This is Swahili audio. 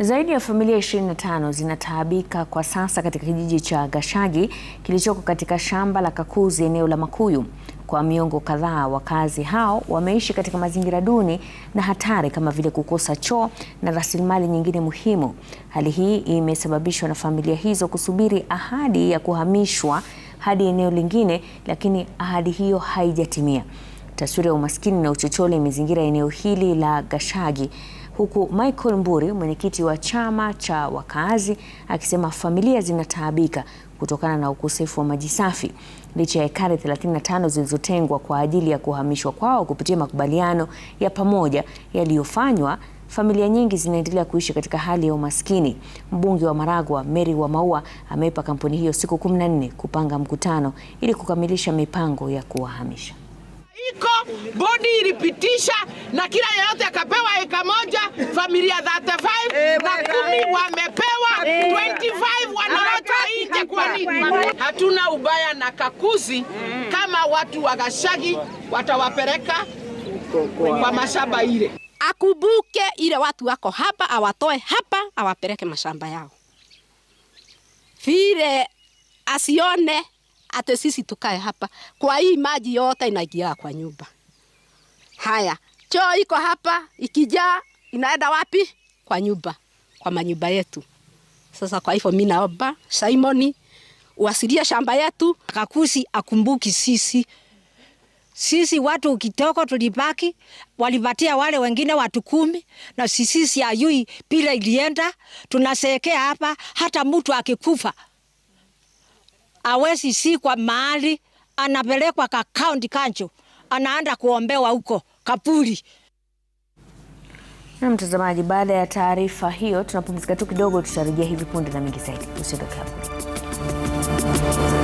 Zaidi ya familia 25 zinataabika kwa sasa katika kijiji cha Gashagi kilichoko katika shamba la Kakuzi eneo la Makuyu. Kwa miongo kadhaa, wakazi hao wameishi katika mazingira duni na hatari kama vile kukosa choo na rasilimali nyingine muhimu. Hali hii imesababishwa na familia hizo kusubiri ahadi ya kuhamishwa hadi eneo lingine, lakini ahadi hiyo haijatimia. Taswira ya umaskini na uchochole imezingira eneo hili la Gashagi huku Michael Mburi, mwenyekiti wa chama cha wakaazi, akisema familia zinataabika kutokana na ukosefu wa maji safi licha ya ekari 35 zilizotengwa kwa ajili ya kuhamishwa kwao kupitia makubaliano ya pamoja yaliyofanywa familia nyingi zinaendelea kuishi katika hali ya umaskini. Mbunge wa Maragwa Mary Wamaua ameipa kampuni hiyo siku 14 kupanga mkutano ili kukamilisha mipango ya kuwahamisha. Iko bodi ilipitisha na kila yeyote akapewa eka moja familia 35 eh, na kumi wamepewa 25 eh. wanaota nje. Kwa nini? Hatuna ubaya na Kakuzi. Mm. Kama watu wa Gashagi watawapeleka kwa mashamba ile, akubuke ile watu wako hapa, awatoe hapa, awapeleke mashamba yao, vile asione ate sisi tukae hapa kwa hii maji yote inaingia kwa nyumba. Haya, choo iko hapa ikijaa inaenda wapi? Kwa nyumba, kwa manyumba yetu. Sasa kwa hivyo mimi naomba Simon uasilie shamba yetu, Kakusi akumbuki sisi. Sisi watu kitoko tulibaki, walipatia wale wengine watu kumi, na sisi si ayui pila ilienda, tunasekea hapa. Hata mtu akikufa awezi si kwa mahali, anapelekwa ka county kancho, anaenda kuombewa huko kapuri. Na mtazamaji, baada ya taarifa hiyo tunapumzika tu kidogo, tutarejea hivi punde na mingi zaidi. Usiondoke hapo.